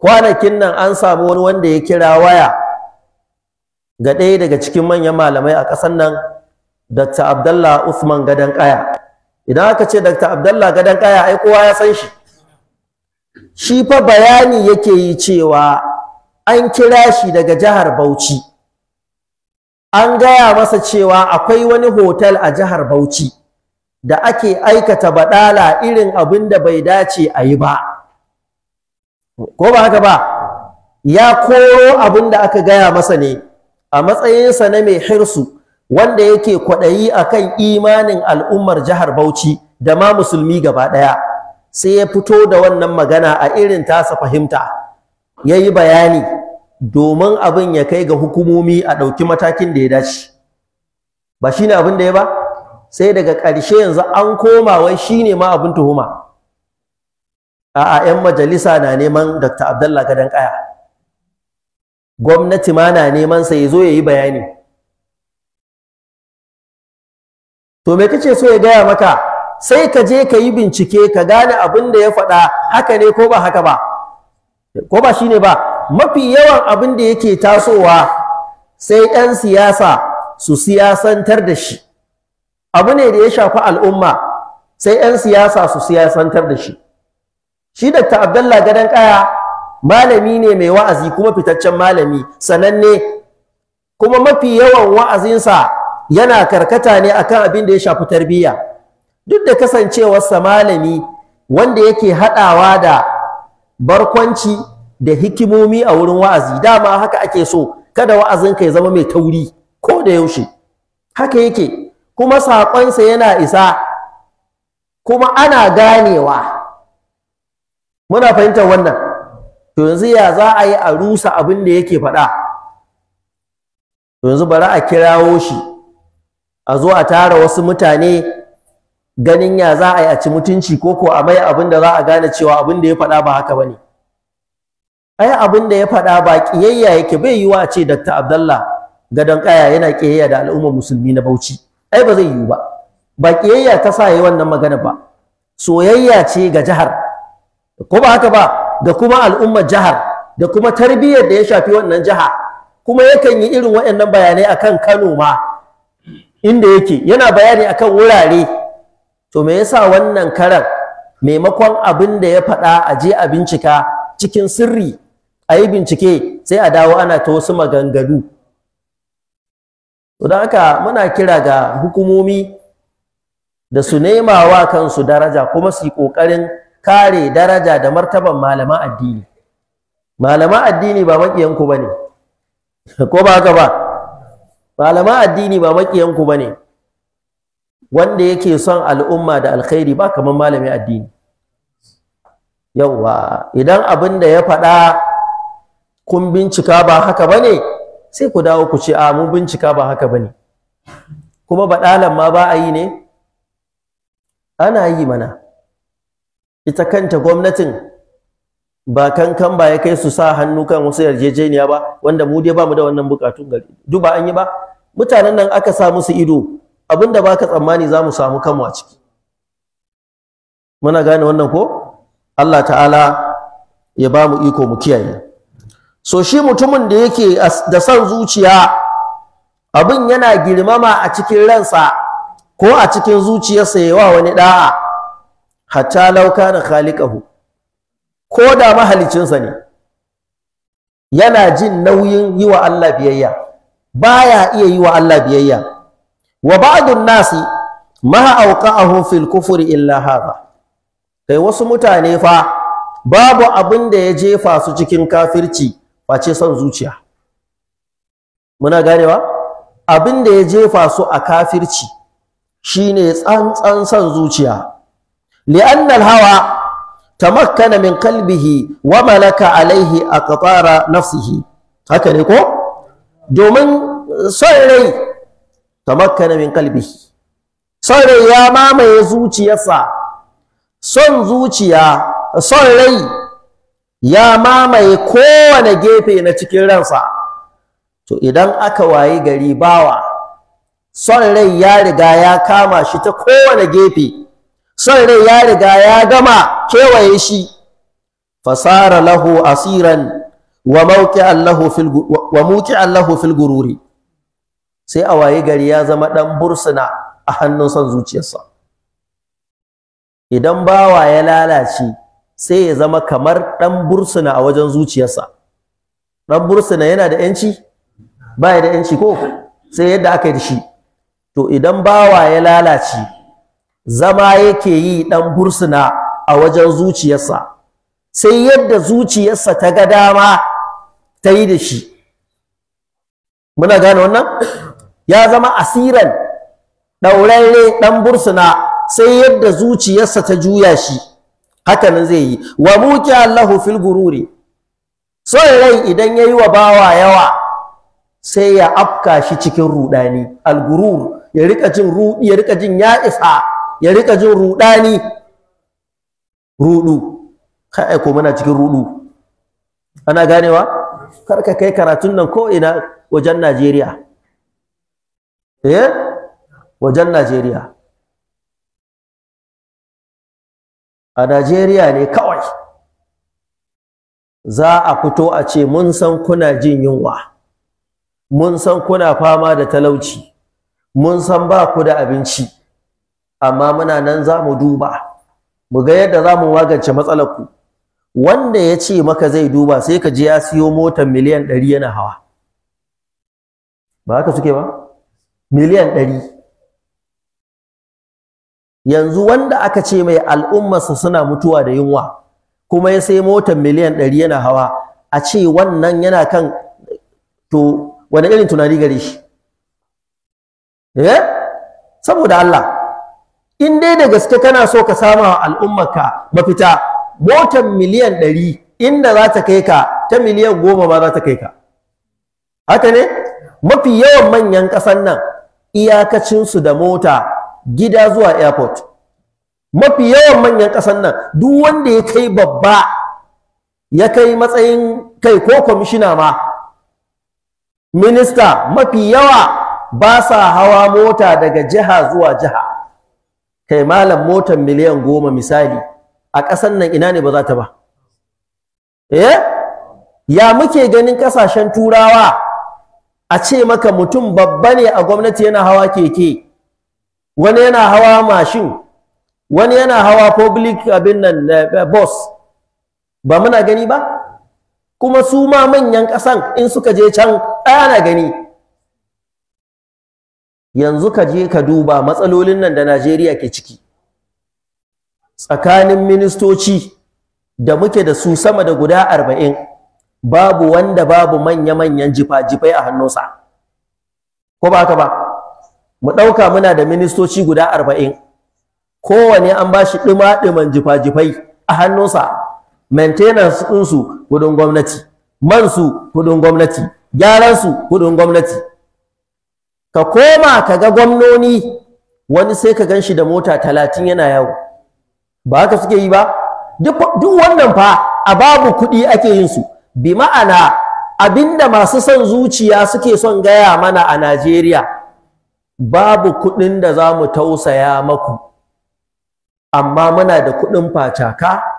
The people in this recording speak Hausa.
kwanakin nan an samu wani wanda ya kira waya ga ɗaya daga cikin manyan malamai a ƙasar nan Dr. Abdallah Usman Gadan Kaya idan aka ce Dr. Abdallah Gadan Kaya ai kowa ya san shi shi fa bayani yake yi cewa an kira shi daga jihar Bauchi an gaya masa cewa akwai wani hotel a jihar Bauchi da ake aikata baɗala irin abin da bai dace a yi ba ko ba haka ba ya koro abin da aka gaya masa ne a matsayinsa na mai hirsu wanda yake kwaɗayi akan imanin al'ummar jihar Bauchi da ma musulmi gaba ɗaya sai ya fito da wannan magana a irin tasa fahimta ya yi bayani domin abin ya kai ga hukumomi a ɗauki matakin da ya dace ba shi ne abin da ya ba sai daga ƙarshe yanzu an koma wai shi ne ma abin tuhuma a'a yan majalisa na neman Dr. Abdullah Gadan Kaya gwamnati ma na neman sa ya yi bayani to me kace so ya gaya maka sai ka je ka yi bincike ka gane abin da ya faɗa haka ne ko ba haka ba ko ba shine ba mafi yawan abin da yake tasowa sai 'yan siyasa su siyasantar da shi abu ne da ya shafi al'umma sai 'yan siyasa su siyasantar da shi shi Dr. Abdullah Gadan Kaya malami ne mai wa'azi kuma fitaccen malami sananne kuma mafi yawan wa'azinsa yana karkata ne akan abin da ya shafi tarbiyya duk da kasancewarsa malami wanda yake haɗawa da barkwanci da hikimomi a wurin wa'azi dama haka ake so kada wa'azin ka ya zama mai tauri ko da yaushe haka yake kuma saƙonsa yana isa kuma ana ganewa muna fahimtar wannan to yanzu ya za a yi a rusa abin da yake faɗa to yanzu bari a kirawo shi a zo a tara wasu mutane ganin ya za a yi a ci mutunci ko ko a mai abin da za a gane cewa abin da ya faɗa ba haka ba ne ai abin da ya faɗa ba ƙiyayya yake bai yiwa a ce Dr. Abdallah gadon ƙaya yana ƙiyayya da al'ummar musulmi na Bauchi ai ba zai yiwu ba ba ƙiyayya ta sa yi wannan magana ba soyayya ce ga jihar ko ba haka ba da kuma al'ummar jihar da kuma tarbiyyar da ya shafi wannan jiha kuma yakan yi irin waɗannan bayanai akan Kano ma inda yake yana bayani akan wurare to me yasa wannan karan maimakon abin da ya faɗa a je a bincika cikin sirri a yi bincike sai a dawo ana ta wasu maganganu to don haka muna kira ga hukumomi da su nema wa kansu daraja kuma su yi ƙoƙarin kare daraja da martaban malama addini malama addini ba makiyanku bane ko ba haka ba malama addini ba makiyanku bane wanda yake son al'umma da alkhairi ba kamar malamin addini yawwa idan abin da ya faɗa kun bincika ba haka bane sai ku dawo ku ce a mun bincika ba haka bane kuma baɗalan ma ba a yi ne ana yi mana ita kanta gwamnatin ba kankan ba ya kai su sa hannu kan wasu yarjejeniya ba wanda mu dai bamu da wannan bukatun gari duk ba an yi ba mutanen nan aka sa musu ido abinda baka tsammani za mu samu kanmu a ciki muna gane wannan ko Allah ta'ala ya ba mu iko mu kiyaye so shi mutumin da yake da son zuciya abin yana girmama a cikin ransa ko a cikin zuciyarsa ya yawa wani da'a hatta lauka na khaliqahu ko da mahalicinsa ne yana jin nauyin yi wa Allah biyayya baya iya yi wa Allah biyayya wa ba'dun nasi ma auqa'ahu fil kufri illa hadha kai wasu mutane fa babu abin da ya jefa su cikin kafirci face son zuciya muna ganewa abin da ya jefa su a kafirci shine tsantsan son zuciya لأن الهوى تمكن من قلبه وملك عليه أقطار نفسه هكذا يقول دومن صيري تمكن من قلبه صيري يا ماما يزوتي يسا son zuciya son rai ya mamaye kowane gefe na cikin ransa to idan aka wayi gari bawa son rai ya riga ya kama shi ta kowane gefe son rai ya riga ya gama kewaye shi fasara lahu asiran wa mawqi'an Allahu fil wa fil gururi sai a waye gari ya zama dan bursuna a hannun son zuciyarsa idan bawa ya lalace sai ya zama kamar dan bursuna a wajen zuciyarsa dan bursuna yana da yanci baya da yanci ko sai yadda aka yi da shi to idan bawa ya lalace zama yake yi ɗan bursuna a wajen zuciyarsa sai yadda zuciyarsa ta ga dama ta yi da shi muna gane wannan ya zama asiran daurare ɗan bursuna sai yadda zuciyarsa ta juya shi Haka nan zai yi wa muki Allahu fil gururi sai rai idan yayi wa bawa yawa sai ya afka shi cikin rudani al gurur ya rika jin rudi ya rika jin ya isa ya rika jin rudani rudu kai aiko muna cikin rudu ana ganewa kar ka kai karatun nan ko ina wajen Najeriya eh wajen Najeriya a Najeriya ne kawai za a fito a ce mun san kuna jin yunwa mun san kuna fama da talauci mun san ba ku da abinci amma muna nan za mu duba mu ga yadda za mu magance matsalar ku wanda ya ce maka zai duba sai ka je ya siyo motar miliyan ɗari yana hawa ba haka suke ba miliyan ɗari yanzu wanda aka ce mai al'ummarsa suna mutuwa da yunwa kuma ya sai motar miliyan ɗari yana hawa a ce wannan yana kan to wani irin tunani gare shi eh saboda Allah in dai da gaske kana so ka sama wa al'ummarka mafita motar miliyan ɗari inda za ta kai ka ta miliyan goma ba za ta kai ka haka ne mafi yawan manyan ƙasan nan iyakacinsu da mota gida zuwa airport mafi yawan manyan ƙasan nan duk wanda ya kai babba ya kai matsayin kai ko kwamishina ma minista mafi yawa ba sa hawa mota daga jiha zuwa jiha kai malam motan miliyan goma misali a ƙasar nan ina ne ba za ta ba eh ya muke ganin ƙasashen turawa a ce maka mutum babba ne a gwamnati yana hawa keke wani yana hawa mashin wani yana hawa public abin nan eh, bus ba muna gani ba kuma su ma manyan ƙasan in suka je can ana gani yanzu ka je ka duba matsalolin nan da Najeriya ke ciki tsakanin ministoci da muke da su sama da guda arba'in babu wanda babu manya-manyan jifa-jifai a hannunsa ko ba haka ba mu ɗauka muna da ministoci guda arba'in kowane an ba shi ɗima-ɗiman jifa-jifai a hannunsa maintenance ɗinsu kuɗin gwamnati mansu kuɗin gwamnati gyaransu kuɗin gwamnati ka koma ka ga gwamnoni wani sai ka gan shi da mota talatin yana yawo ba haka suke yi ba duk wannan fa a babu kuɗi ake yin su bi ma'ana abinda masu son zuciya suke son gaya mana a Najeriya babu kuɗin da za mu tausaya maku amma muna da kuɗin facaka